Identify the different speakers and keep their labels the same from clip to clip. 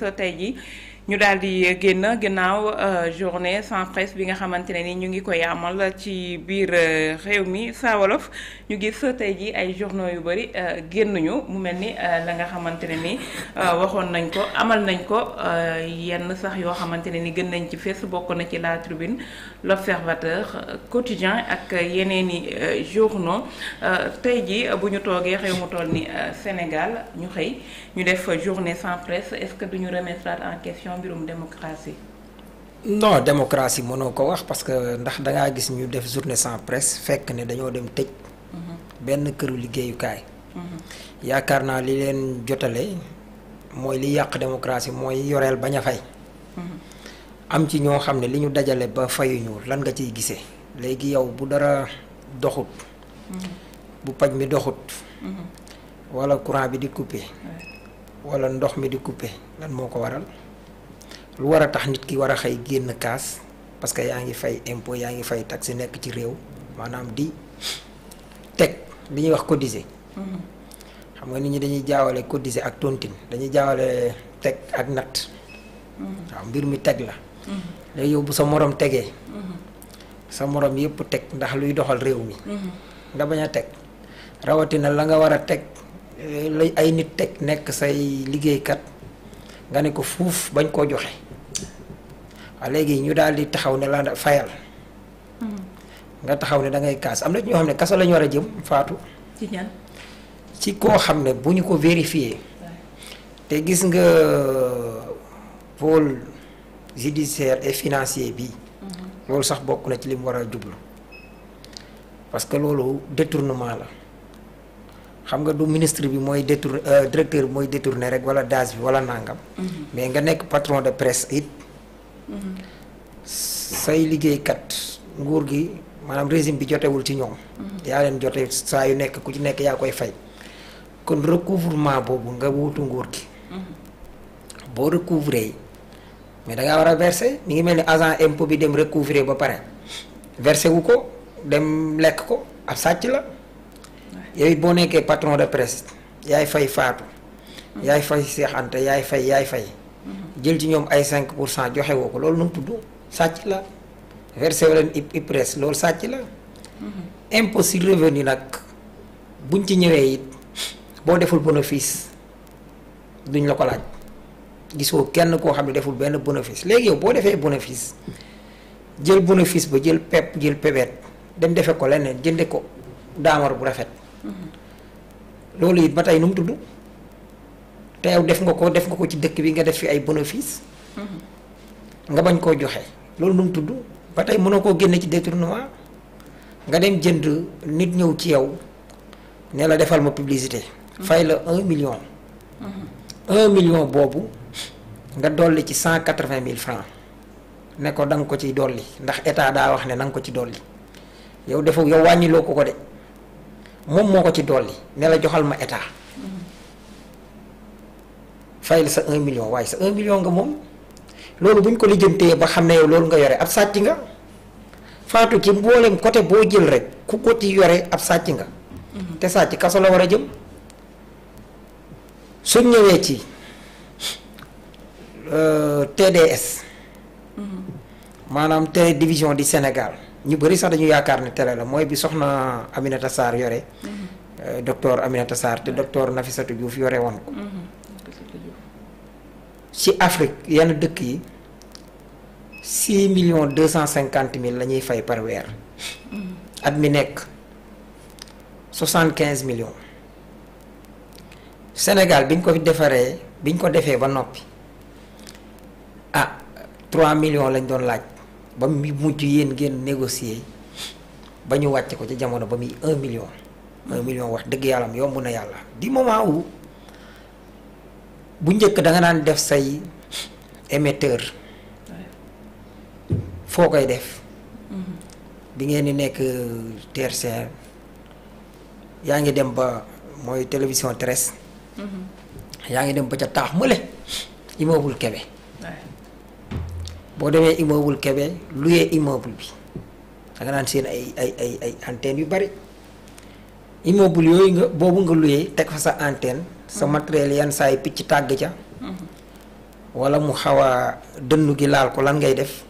Speaker 1: so tey jii ñu daal di génn ginnaaw euh, journée sans presse bi nga xamante ne ni ñu ngi koy amal ci biir euh, réew mi saa ñu gis tey ji ay journaux yu bëri euh, génnuñu mu mel ni la nga xamante ne ni waxoon nañ ko amal nañ ko yenn sax yoo xamante ne ni gën nañ ci fees bokk na ci La Tribune L'Observateur Quotidien ak yeneen i journaux tey ji bu ñu toogee réew mu toll ni Sénégal ñu xëy ñu def journée sans presse est-ce que duñu
Speaker 2: remettre en question mbirum démocratie.
Speaker 1: non démocratie mënoo ko wax parce que ndax da ngaa gis ñu def journée sans presse fekk ne dañoo dem tëj. Mhm. benn këru liggéeyukaay. Mhm. yaakaar naa li leen jotale mooy li yàq démocratie mooy yoreel bañ a mhm. am ci ñoo xam ne li ñu dajale ba fayuñu lan nga ciy gisee léegi yow bu dara doxut. bu paj mi doxut. wala courant bi di coupé. wala ndox mi di coupé lan moo ko waral. lu war a tax nit ki war a xëy génn kaas parce que yaa ngi fay impôt yaa ngi fay taxe nekk ci réew maanaam di teg li ñuy wax cotiser. Mm-hmm. xam nga nit ñi dañuy jaawale cotiser ak tontine dañuy jaawale teg ak nat mm-hmm. waaw mbir mi teg la. Mm-hmm. léegi yow sa morom tegee. sa morom yëpp teg ndax luy doxal réew mi. nga bañ a teg rawatina la nga war a teg eh, lay ay nit teg nekk say liggéeykat nga ne ko fuuf bañ koo joxe. waaw léegi ñu daal di taxaw ne la fayal. Hmm. nga taxaw ne da ngay kaas am na ñoo xam ne kaso lañu war a jëm faatu. ci ñan koo xam ne bu ñu ko vérifier te gis nga euh, pôle judiciaire et financier bi
Speaker 2: hmm.
Speaker 1: loolu sax bokk na ci li war a jublu parce que loolu détournement la xam nga du ministre bi mooy détour euh, directeur bi mooy détourné rek wala daas bi wala nangam. Hmm. mais nga nekk patron de presse it. say liggéeykat nguur gi maanaam régime bi jotewul ci ñoom. yaa leen jote saa yu nekk ku ci nekk yaa koy fay. kon recouvrement boobu nga wutu nguur gi. boo recouvrer mais da ngaa war a verser mi ngi mel ni agent impo bi dem recouvrer ba pare verser wu ko dem lekk ko ab sàcc la. yooyu boo nekkee patron de presse yaay fay faatu yaay fay Cheikh Anta yaay fay yaay fay. jël ci ñoom ay cinq pour cent joxe woo ko loolu nu mu tudd sàcc la versé wu leen IPRES loolu sàcc la.
Speaker 2: Mm-hmm.
Speaker 1: impôt sur revenu nag buñ ci ñëwee it boo deful bénéfice duñ la ko laaj gisoo kenn koo xam ne deful benn bénéfice léegi yow boo defee bénéfice jël bénéfice ba jël pep jël pebet dem defe ko leneen jënde ko daamar bu rafet.
Speaker 2: Mm-hmm.
Speaker 1: loolu it ba tey nu mu tudd. te yow def nga ko def nga ko ci dëkk bi nga def fi ay bénéfice mhm. nga bañ koo joxe loolu nu mu tudd ba tey mënoo koo génnee ci détournement nga dem jënd nit ñëw ci yow ne la defal ma publicité. Mhm. fay la un million.
Speaker 2: Mhm.
Speaker 1: un million boobu nga dolli ci cent quatre vingt mille francs ne ko da nga ko ci dolli ndax état daa wax ne na nga ko ci dolli yow defu yow wàññiloo ko ko de moom moo ko ci dolli ne la joxal ma état. fayal sa 1 million waaye sa 1 million nga moom loolu buñ ko lijjantee ba xam ne yow loolu nga yore ab sàcc nga faatu ci mboolem côté boo jël rek ku ko ci yore ab sàcc nga. te sàcc kaso la war a jëm. suñ ñëwee ci euh, TDS. maanaam te division di Sénégal ñu bëri sax dañu yaakaar ne télé la mooy bi soxna Aminata Sarr yore. Mhm. Euh, docteur Aminata Sarr te docteur Nafissatou Diouf yore woon ci Afrique yenn dëkk yi six million deux cent cinquante mille la ñuy fay par weer mm. at mi nekk soixante quinze millions Sénégal biñ ko defaree biñ ko defee ba noppi ah trois million lañ doon laaj ba mu mujj yéen génn négocier ba ñu wàcc ko ci jamono ba muy un million un million wax dëgg yàllam yomb na yàlla di moment où bu njëkk danga nga daan def say émetteur foo koy def mhm. bi ngeen di nekk euh, tertiaire yaa ngi dem ba mooy télévision terrestre mhm. yaa ngi dem ba ca taax mële immeuble Kébé boo demee immeuble Kébé luyee imobul bi danga nga daan seen ay ay ay ay antennes yu bari immeuble yooyu nga boobu nga luyee teg fa sa antenne sa matériel yenn saa yi picc tàgg ca wala mu xaw a dënnu gi laal ko lan ngay def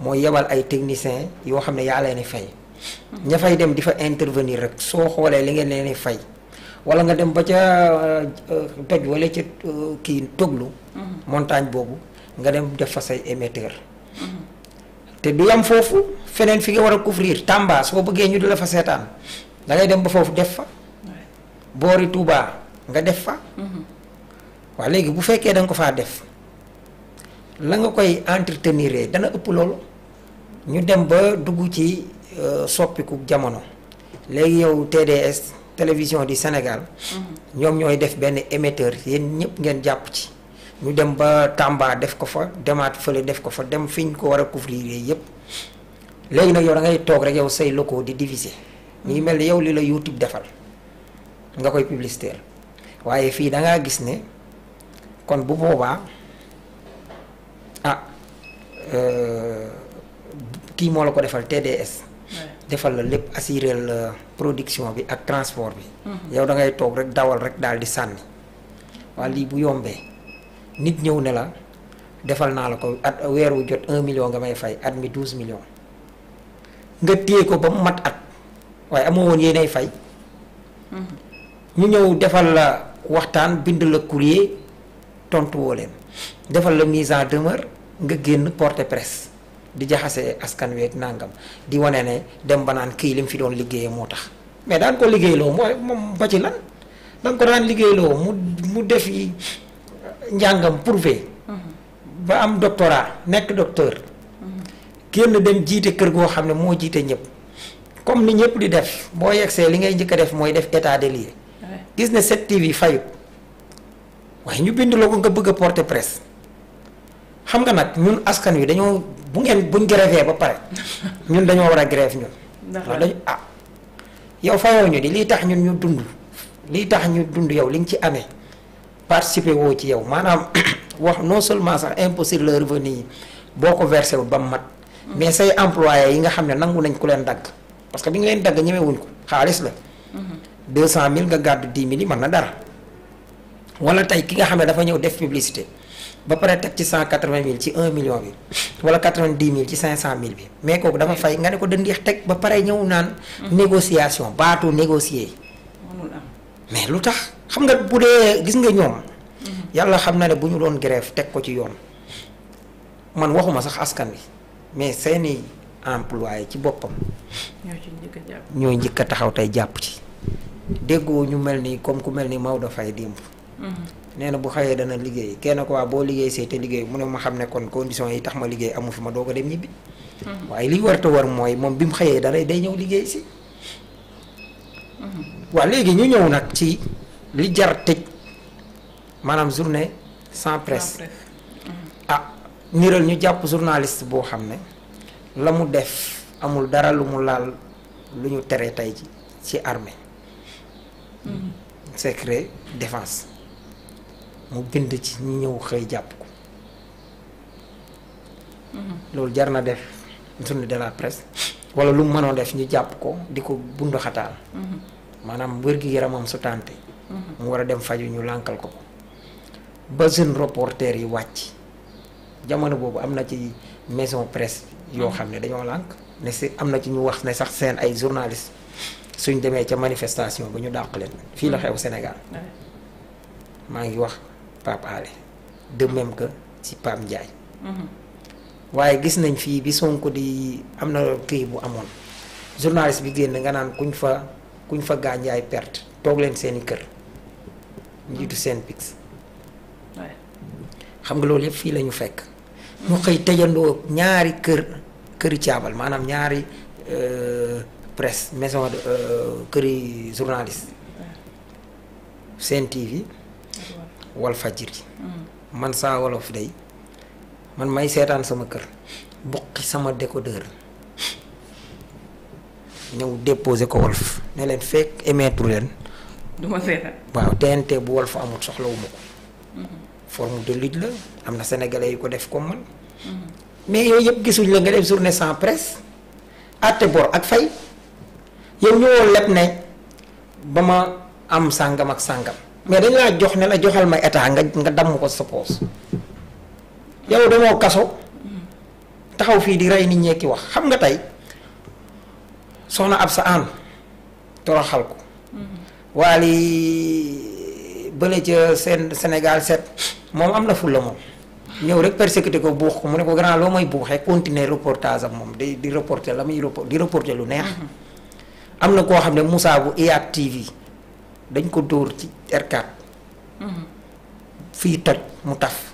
Speaker 1: mooy yebal ay technicien yoo xam ne yaa leen di fay ña fay dem di fa intervenir rek soo xoolee li ngeen leen di fay wala nga dem ba ca toj euh, wala ca euh, kii toglu montagne boobu nga dem def fa say émetteur te du yam foofu feneen fi nga war a couvrir Tamba soo bëggee ñu di la fa seetaan da dem ba foofu def fa boori Touba nga def fa. waa léegi bu fekkee danga ko faa def la nga koy entretenir dana ëpp loolu ñu dem ba dugg ci euh, soppiku jamono léegi yow TDS télévision du Sénégal. ñoom ñooy def benn émetteur yéen ñëpp ngeen jàpp ci. ñu dem ba Tamba def ko fa demaat fële def ko fa dem fi ñu ko war a couvrir yëpp léegi nag yow da ngay toog rek yow say locaux di diviser. mu ngi mel ni yow li la YouTube defal nga koy publicitaire. waaye fii dangaa gis ne kon bu boobaa ah euh, kii moo la ko defal TDS. defal la lépp assurer production bi ak transport bi. Mm-hmm. yow dangay toog rek dawal rek daal di sànni waa lii bu yombee nit ñëw ne la defal naa la ko at weer wu jot un million nga may fay at mi douze millions nga téye ko ba mu mat at waaye amoo woon yéenay fay.
Speaker 2: Mm-hmm.
Speaker 1: ñu ñëw defal la. waxtaan bind la courrier tontu woo leen defal la mise en demeure nga génn porte presse di jaxase askan wi nangam di wane ne dem ba naan kii li fi doon liggéeyee moo tax mais daan ko liggéeyloo mooy moom ba ci lan danga ko daan liggéeyloo mu mu def yi njàngam prouvé mhm. ba am doctorat nekk docteur mhm. génn dem jiite kër goo xam ne moo jiite ñëpp comme ni ñëpp di def boo yegsee li ngay njëkk def mooy def état de lii gis ne 7TV fayu waaye ñu binduloo ko nga bëgg a porter xam nga nag ñun askan wi dañoo bu ngeen buñ grévé ba pare ñun dañoo war a grève ñun. ndax dañu ah yow fayoo ñu di lii tax ñun ñu dund lii tax ñu dund yow li liñ ci amee participer woo ci yow maanaam wax non seulement sax impôt sur le yi boo ko versé wul ba mu mat. Mm. mais say employé yi nga xam ne nangu nañ ku leen dagg parce que bi nga leen dagg ñemewuñ ko xaalis la. Mm-hmm. deux cent mille nga gàddu dix mille yi mën na dara wala tey ki nga xam ne dafa ñëw def publicité ba pare teg ci cent quatre vingt mille ci un million bi wala quatre vingt dix mille ci cinq cent mille bi mais kooku dafa fay nga ne ko dëndeex teg ba pare ñëw naan. Mm. négociation baatu négocier. mais lu tax xam nga bu dee gis nga ñoom.
Speaker 2: Mm-hmm.
Speaker 1: yàlla xam na ne bu ñu doon grève teg ko ci yoon man waxuma sax askan wi mais seeni employé ci boppam. ñoo njëkk a taxaw tey jàpp ci. déggoo ñu mel ni comme ku mel ni Maodo Faye démb. Mm-hmm. nee na bu xëyee dana liggéey kenn ko waa boo liggéey see te liggéey mu ne ma xam ne kon condition yi tax ma liggéey amu fi ma doog a dem ñibbi.
Speaker 2: Mm-hmm. waaye
Speaker 1: li warta war mooy moom bi mu xëyee dara day ñëw liggéey
Speaker 2: mm-hmm.
Speaker 1: léegi ñu ñëw ci li jar tëj maanaam journée sans presse. Ah, ñu jàpp journaliste boo xam ne la mu def amul dara lu mu laal lu ñu tere tey ci ci armée secret défense mu bind ci ñi ñëw xëy jàpp ko mhm. loolu jar na def journée de la presse wala lu mu mënoon def ñu jàpp ko di ko bundu xataal mhm. maanaam wér gi yaramam su mhm. mu war a dem faj yu ñu lànkal ko ko ba jeune reporter yi wàcc jamono boobu am na ci maison presse yoo xam ne dañoo lànk ne si am na ci ñu wax ne sax seen ay journaliste suñ demee ca manifestation ba ñu dàq leen fii la mm. xew Sénégal maa ngi wax Pape Alé de même que ci Pape Ndiaye mm-hmm. waaye gis nañ fii bi Sonko di am na kii bu amoon journaliste bi génn nga naan kuñ fa kuñ fa gaañjaay perte toog leen seeni kër njiitu mm. seen pix xam nga loolu yëpp fii lañu fekk ñu xëy tëjandoo ñaari kër këri caabal maanaam ñaari euh, presse maison de euh, këri journaliste Sen TV Walfadjri man saa wolof day man may seetaan sama kër bokki sama décodeur ñëw déposé ko Walf ne leen fekk émettre leen waaw TNT bu Walf amul soxlawuma ko forme de lutte la am na sénégalais yu ko def comme man
Speaker 2: mm-hmm.
Speaker 1: mais yooyu yëpp gisuñ la nga def journée sans presse àtte bor ak fay yow ñëwoo leb ne ba ma am sàngam ak sàngam mais dañ laa jox ne la joxal ma état nga nga damm ko sa poos yow demoo kaso taxaw fii di rey ni ñee ki wax xam nga tey soxna ab sa aan toroxal ko waali bële ca seen Sénégal set moom am na fulla moom ñëw rek persécuté ko buux ko mu ne ko grand loo may buuxee continuer reportage am moom di di reporté la muy di reporter lu neex am na koo xam ne Moussa bu IYAT TV dañ ko dóor ci R4. Mhm. fii toj mu taf.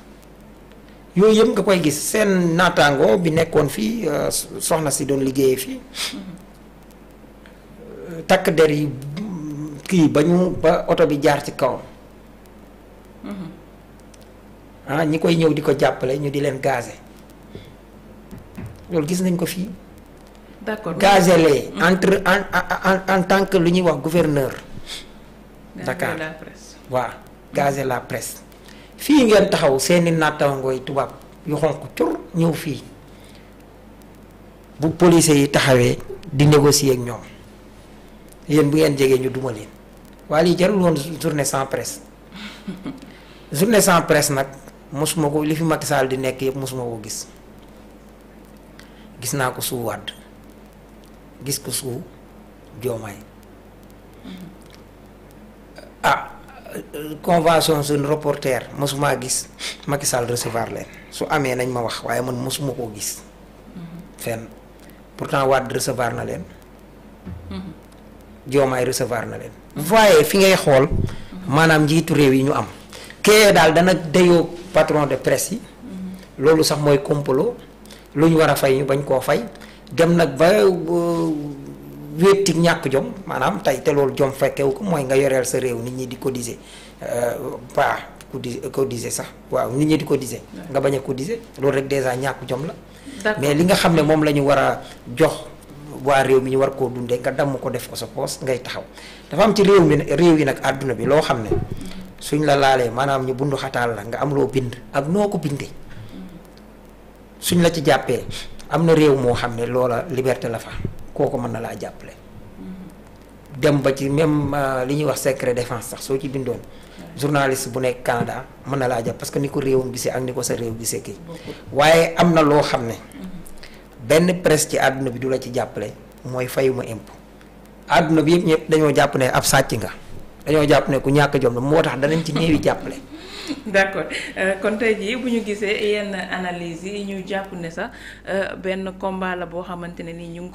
Speaker 1: yooyu yëpp nga koy gis seen naataango bi nekkoon fii euh, soxna si doon liggéeye
Speaker 2: fii. Mhm.
Speaker 1: Euh, takk der yi kii ba ñu ba oto bi jaar ci kaw mhm. ah ñi koy ñëw di ko jàppale ñu di leen gaase loolu gis nañ ko fii.
Speaker 2: d'accord gazé lee
Speaker 1: entre en en en tant que lu ñuy wax gouverneur. Dakar waaw gazé la presse. fii ngeen taxaw seeni nattangooy tubaab yu xonq cur ñëw fii bu police yi taxawee di négocier ak ñoom yéen bu ngeen jegee ñu duma leen waaye lii jarul woon journée sans presse journée sans presse nag mosuma ko li fi Macky Sall di nekk yëpp mosuma ko gis gis naa ko su wàdd gis ko suu joomaay
Speaker 2: mm-hmm.
Speaker 1: ah convention suñu reporter mosuma gis Macky Sall recevoir leen su amee nañ ma wax waaye man mosuma koo gis
Speaker 2: mm-hmm.
Speaker 1: fenn pourtant Wade recevoir na leen joomaay mm-hmm. recevoir na leen voyez fi ngay xool maanaam njiitu réew yi ñu am kee daal dana dayoo patron de presse yi loolu sax mooy complot lu ñu war a fay ñu bañ koo fay dem nag ba uh, wéet ñàkk jom maanaam tey te loolu jom fekkewu ko mooy nga yoreel sa réew nit ñi di codiser cotiser euh, pas cotiser sax waaw nit ñi di cotiser nga bañ a cotiser loolu rek dèjà ñàkk jom la mais li nga xam ne moom la ñu war a jox waa réew mi ñu war koo dundee nga damm ko def ko sa poos ngay taxaw dafa am ci réew mi réew yi nag àdduna bi loo xam ne suñ la laalee maanaam ñu bundu xataal la nga am loo bind ak noo ko bindee mm-hmm. suñ la ci jàppee am na réew moo xam ne loola liberté la fa kooku mën na laa jàppale. dem ba ci même euh, li ñuy wax secret défense sax soo ci bindoon journaliste bu nekk Canada mën na laa jàpp parce que ni ko réewam gisee ak ni ko sa réew gisee kii waaye am na loo xam ne
Speaker 2: mm-hmm.
Speaker 1: benn presse ci àdduna bi du la ci jàppale mooy fayuma imp àdduna bi yëpp ñëpp dañoo jàpp ne ab sàcc nga dañoo jàpp ne ku ñàkk jom la moo tax danañ ci néewi jàppale d' accord euh, kon tey jii bu ñu
Speaker 2: gisee yenn analyse yi ñu jàpp ne sax euh, benn combat boo xamante ne ni ñu ngi ko.